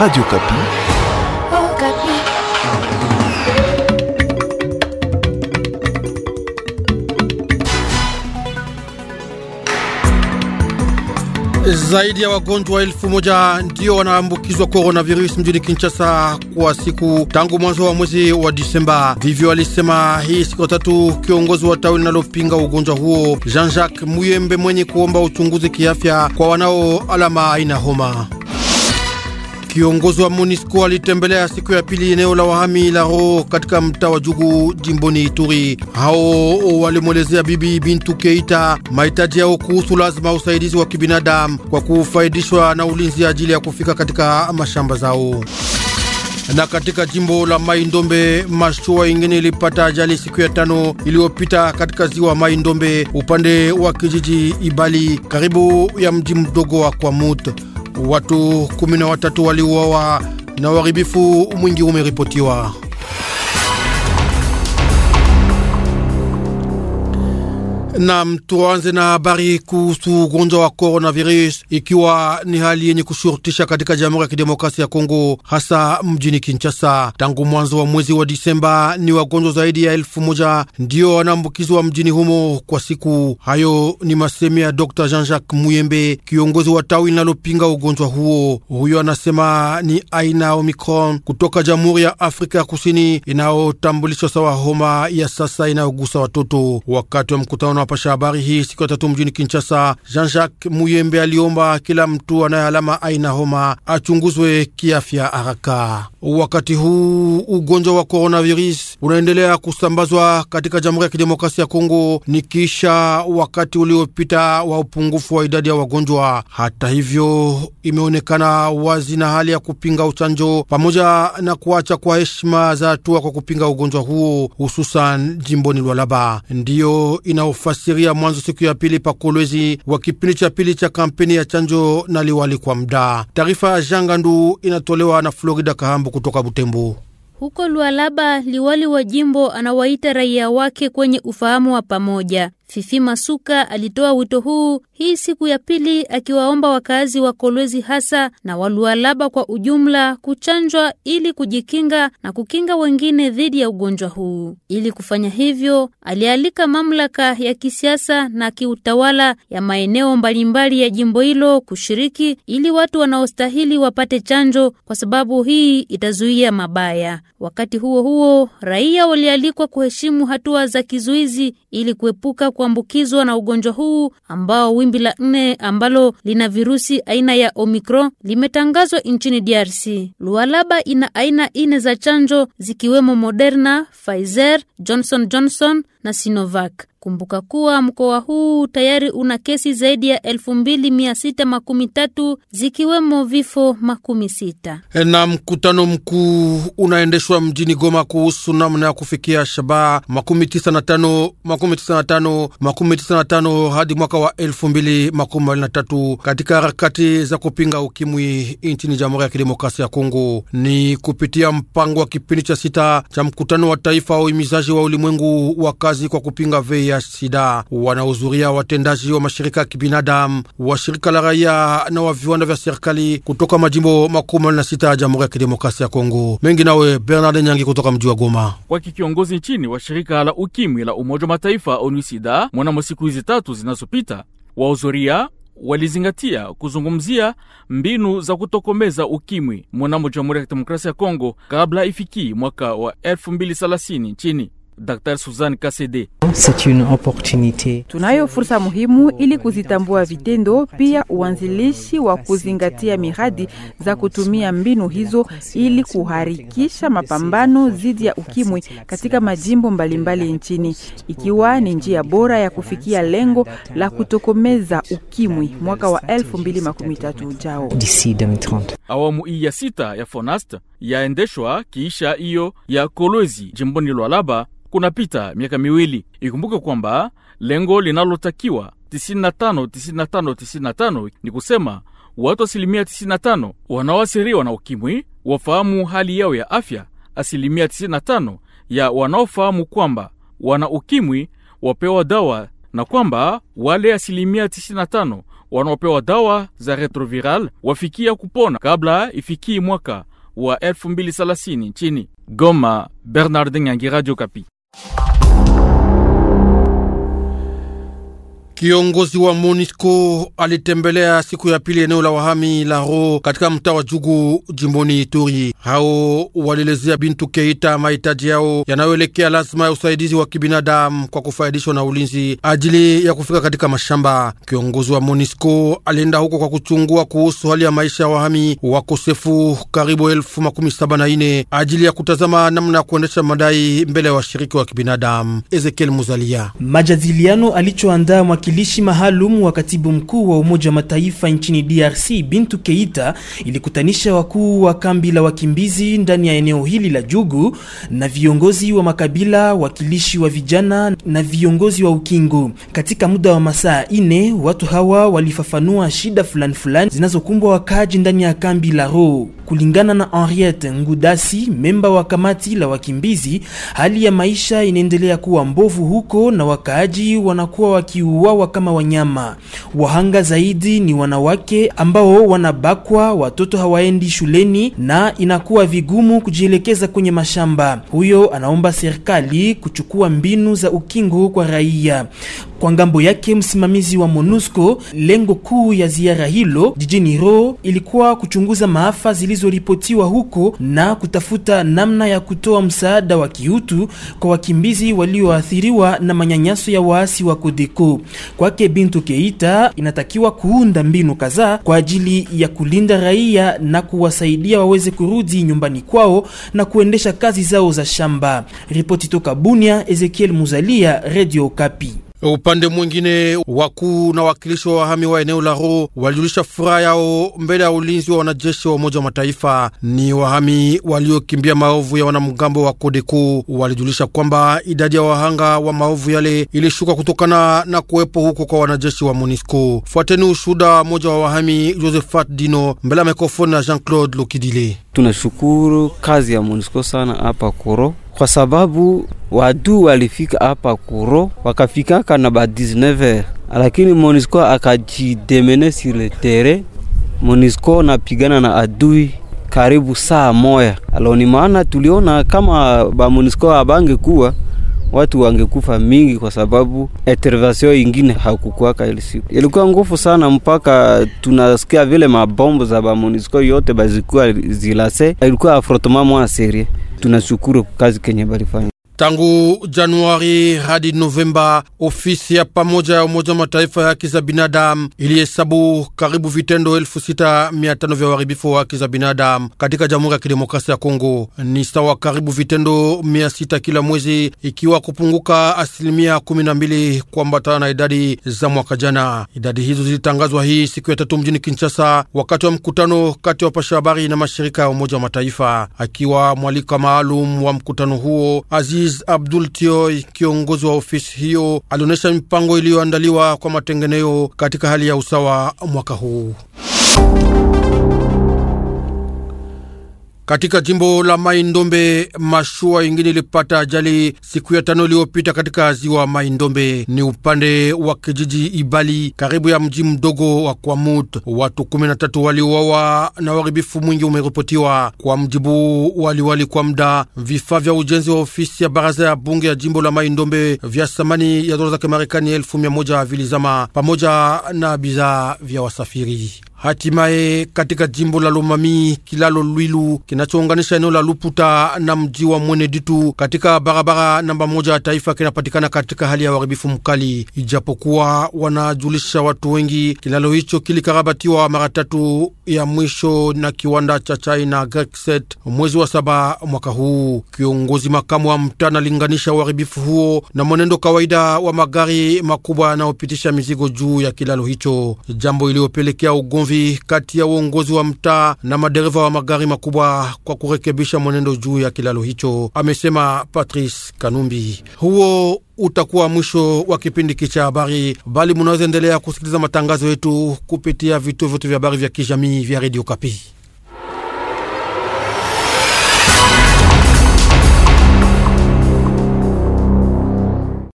Radio Kapi. Oh, Kapi. Zaidi ya wagonjwa elfu moja ndio wanaambukizwa coronavirus mjini Kinshasa kwa siku tangu mwanzo wa mwezi wa Disemba. Vivyo alisema hii siku tatu kiongozi wa tawi linalopinga ugonjwa huo Jean-Jacques Muyembe mwenye kuomba uchunguzi kiafya kwa wanao alama aina homa. Kiongozi wa MONUSCO alitembelea siku ya pili eneo la wahami la Ro katika mtaa wa Jugu jimboni Ituri. Hao walimwelezea Bibi Bintu Keita mahitaji yao kuhusu lazima usaidizi wa kibinadamu kwa kufaidishwa na ulinzi ajili ya kufika katika mashamba zao. Na katika jimbo la Mai Ndombe, mashua ingine ilipata ajali siku ya tano iliyopita katika ziwa Mai Ndombe upande wa kijiji Ibali karibu ya mji mdogo wa Kwamut watu watatu waliuawa na uharibifu mwingi umeripotiwa. Nam, tuanze na habari kuhusu ugonjwa wa coronavirus, ikiwa ni hali yenye kushurutisha katika Jamhuri ya Kidemokrasia ya Kongo, hasa mjini Kinshasa. Tangu mwanzo wa mwezi wa Disemba, ni wagonjwa zaidi ya elfu moja ndiyo wanaambukizwa mjini humo kwa siku. Hayo ni masemi ya Dr Jean-Jacques Muyembe, kiongozi wa tawi linalopinga ugonjwa huo. Huyo anasema ni aina ya Omicron kutoka Jamhuri ya Afrika ya Kusini inayotambulishwa sawa homa ya sasa inayogusa watoto. Wakati wa mkutano wapasha habari hii siku ya tatu mjini Kinshasa, Jean-Jacques Muyembe aliomba kila mtu anayealama aina homa achunguzwe kiafya haraka. Wakati huu ugonjwa wa coronavirus unaendelea kusambazwa katika Jamhuri ya Kidemokrasia ya Kongo ni kisha wakati uliopita wa upungufu wa idadi ya wagonjwa. Hata hivyo, imeonekana wazi na hali ya kupinga uchanjo pamoja na kuacha kwa heshima za hatua kwa kupinga ugonjwa huo, hususan jimboni Lwalaba ndiyo inaofa waliwafasiria mwanzo siku ya pili pa Kolwezi wa kipindi cha pili cha kampeni ya chanjo na liwali kwa mdaa. Taarifa ya Jangandu inatolewa na Florida Kahambu kutoka Butembo. Huko Lualaba, liwali wa jimbo anawaita raia wake kwenye ufahamu wa pamoja. Fifi Masuka alitoa wito huu hii siku ya pili akiwaomba wakazi wa Kolwezi hasa na Walualaba kwa ujumla kuchanjwa ili kujikinga na kukinga wengine dhidi ya ugonjwa huu. Ili kufanya hivyo, alialika mamlaka ya kisiasa na kiutawala ya maeneo mbalimbali ya jimbo hilo kushiriki ili watu wanaostahili wapate chanjo kwa sababu hii itazuia mabaya. Wakati huo huo, raia walialikwa kuheshimu hatua za kizuizi ili kuepuka kwa kuambukizwa na ugonjwa huu ambao wimbi la nne ambalo lina virusi aina ya Omicron limetangazwa nchini DRC. Lualaba ina aina nne za chanjo zikiwemo Moderna, Pfizer, Johnson Johnson na Sinovac. Kumbuka kuwa mkoa huu tayari una kesi zaidi ya 2613 zikiwemo vifo makumi sita. Na mkutano mkuu unaendeshwa mjini Goma kuhusu namna ya kufikia shabaha makumi tisa na tano makumi tisa na tano makumi tisa na tano hadi mwaka wa tatu katika harakati za kupinga ukimwi nchini Jamhuri ya Kidemokrasia ya Kongo ni kupitia mpango wa kipindi cha sita cha mkutano wa taifa wa uhimizaji wa ulimwengu wa kazi kwa kupinga vei ya sida. Wanahudhuria watendaji wa mashirika ya kibinadamu wa shirika la raia na wa viwanda vya serikali kutoka majimbo makumi na sita ya Jamhuri ya Kidemokrasia ya Kongo. Mengi nawe Bernard Nyangi kutoka mji wa Goma, kwake kiongozi nchini wa shirika la ukimwi la Umoja wa Mataifa ONUSIDA. Mwanamo siku hizi tatu zinazopita wahudhuria walizingatia kuzungumzia mbinu za kutokomeza ukimwi mwanamo Jamhuri ya Kidemokrasia ya Kongo kabla ifikii mwaka wa 2030 nchini. Dr. Suzanne Kasede. Tunayo fursa muhimu ili kuzitambua vitendo, pia uanzilishi wa kuzingatia miradi za kutumia mbinu hizo ili kuharikisha mapambano dhidi ya ukimwi katika majimbo mbalimbali mbali nchini, ikiwa ni njia bora ya kufikia lengo la kutokomeza ukimwi mwaka wa 2013 ujao. Awamu hii ya sita ya FONAST yaendeshwa kiisha hiyo ya Kolwezi jimboni Lwalaba kunapita miaka miwili. Ikumbuke kwamba lengo linalotakiwa 95 95 95 ni kusema watu asilimia 95 wanaoathiriwa na ukimwi wafahamu hali yao ya afya, asilimia 95 ya wanaofahamu kwamba wana ukimwi wapewa dawa, na kwamba wale asilimia 95 wanaopewa dawa za retroviral wafikia kupona kabla ifikii mwaka wa 2030 nchini Goma. Bernardin Nyangi, Radio Kapi. Kiongozi wa MONISCO alitembelea siku ya pili eneo la wahami la Ro katika mtaa wa Jugu jimboni Ituri. Hao walielezea Bintu Keita mahitaji yao yanayoelekea lazima ya usaidizi wa kibinadamu kwa kufaidishwa na ulinzi ajili ya kufika katika mashamba. Kiongozi wa MONISCO alienda huko kwa kuchungua kuhusu hali ya maisha ya wahami wakosefu karibu elfu makumi saba na ine ajili ya kutazama namna ya kuendesha madai mbele ya washiriki wa kibinadamu. Ezekiel Muzalia majadiliano alichoandaa mwakilishi maalum wa katibu mkuu wa Umoja wa Mataifa nchini DRC Bintu Keita ilikutanisha wakuu wa kambi la wakimbizi ndani ya eneo hili la Jugu na viongozi wa makabila, wakilishi wa vijana na viongozi wa ukingo. Katika muda wa masaa ine, watu hawa walifafanua shida fulani fulani zinazokumbwa wakaaji ndani ya kambi la Ro. Kulingana na Henriette Ngudasi, memba wa kamati la wakimbizi, hali ya maisha inaendelea kuwa mbovu huko na wakaaji wanakuwa wakiua wanauawa kama wanyama. Wahanga zaidi ni wanawake ambao wanabakwa, watoto hawaendi shuleni na inakuwa vigumu kujielekeza kwenye mashamba. Huyo anaomba serikali kuchukua mbinu za ukingo kwa raia. Kwa ngambo yake, msimamizi wa MONUSCO, lengo kuu ya ziara hilo jijini Ro ilikuwa kuchunguza maafa zilizoripotiwa huko na kutafuta namna ya kutoa msaada wa kiutu kwa wakimbizi walioathiriwa na manyanyaso ya waasi wa Kodeko. Kwake Bintu Keita, inatakiwa kuunda mbinu kadhaa kwa ajili ya kulinda raia na kuwasaidia waweze kurudi nyumbani kwao na kuendesha kazi zao za shamba. Ripoti toka Bunia, Ezekiel Muzalia, Radio Kapi. Upande mwingine, wakuu na wakilishi wa wahami wa eneo la Ro walijulisha furaha yao mbele ya ulinzi wa wanajeshi wa Umoja wa Mataifa. Ni wahami waliokimbia maovu ya wanamgambo wa Kodeko walijulisha kwamba idadi ya wahanga wa maovu yale ilishuka kutokana na kuwepo huko kwa wanajeshi wa MONUSCO. Fuateni ushuda mmoja wa wahami Josephat Dino mbele ya mikrofoni na Jean Claude Lokidile. Tunashukuru kazi ya MONUSCO sana hapa Koro kwa sababu wadu walifika hapa kuro wakafikaka na ba 19h, lakini Monisco akajidemene sur le terrain. Monisco napigana na adui karibu saa moya. aloni, maana tuliona kama ba Monisco kuwa watu wangekufa mingi, kwa sababu intervention ingine hakukuwaka. Ile siku ilikuwa ngufu sana, mpaka tunasikia vile mabombo za ba Monisco yote bazikuwa zilase, ilikuwa afrotoma mwa serie tunashukuru kazi kenye balifanya. Tangu Januari hadi Novemba, ofisi ya pamoja ya Umoja wa Mataifa ya haki za binadamu ilihesabu karibu vitendo elfu vya uharibifu wa haki za binadamu katika Jamhuri ya Kidemokrasia ya Kongo, ni sawa karibu vitendo 6 kila mwezi, ikiwa kupunguka asilimia 12 kuambatana na idadi za mwaka jana. Idadi hizo zilitangazwa hii siku ya tatu mjini Kinshasa wakati wa mkutano kati ya wapasha habari na mashirika ya Umoja wa Mataifa. Akiwa mwalika maalum wa mkutano huo Aziz Aziz Abdul Tioy, kiongozi wa ofisi hiyo, alionyesha mipango iliyoandaliwa kwa matengenezo katika hali ya usawa mwaka huu. Katika jimbo la Mai Ndombe, mashua ingine ilipata ajali siku ya tano iliyopita katika ziwa Mai Ndombe, ni upande wa kijiji Ibali karibu ya mji mdogo wa Kwamut. Watu 13 waliuawa na uharibifu mwingi umeripotiwa, kwa mjibu waliwali kwa mda Vifaa vya ujenzi wa ofisi ya baraza ya bunge ya jimbo la Mai Ndombe vya thamani ya dola za Kimarekani elfu mia moja vilizama pamoja na bidhaa vya wasafiri. Hatimaye katika jimbo la Lomami kilalo Lwilu kinachounganisha eneo la Luputa na mji wa Mweneditu katika barabara namba moja ya taifa kinapatikana katika hali ya uharibifu mkali, ijapokuwa wanajulisha watu wengi, kilalo hicho kilikarabatiwa mara tatu ya mwisho na kiwanda cha China Grexet mwezi wa saba mwaka huu. Kiongozi makamu wa mtaa analinganisha uharibifu huo na mwenendo kawaida wa magari makubwa yanayopitisha mizigo juu ya kilalo hicho, jambo iliyopelekea ugomvi ugomvi kati ya uongozi wa mtaa na madereva wa magari makubwa kwa kurekebisha mwenendo juu ya kilalo hicho, amesema Patrice Kanumbi. Huo utakuwa mwisho wa kipindi kicha habari, bali munaweza endelea kusikiliza matangazo yetu kupitia vituo vyote vya habari vya kijamii vya redio Kapi.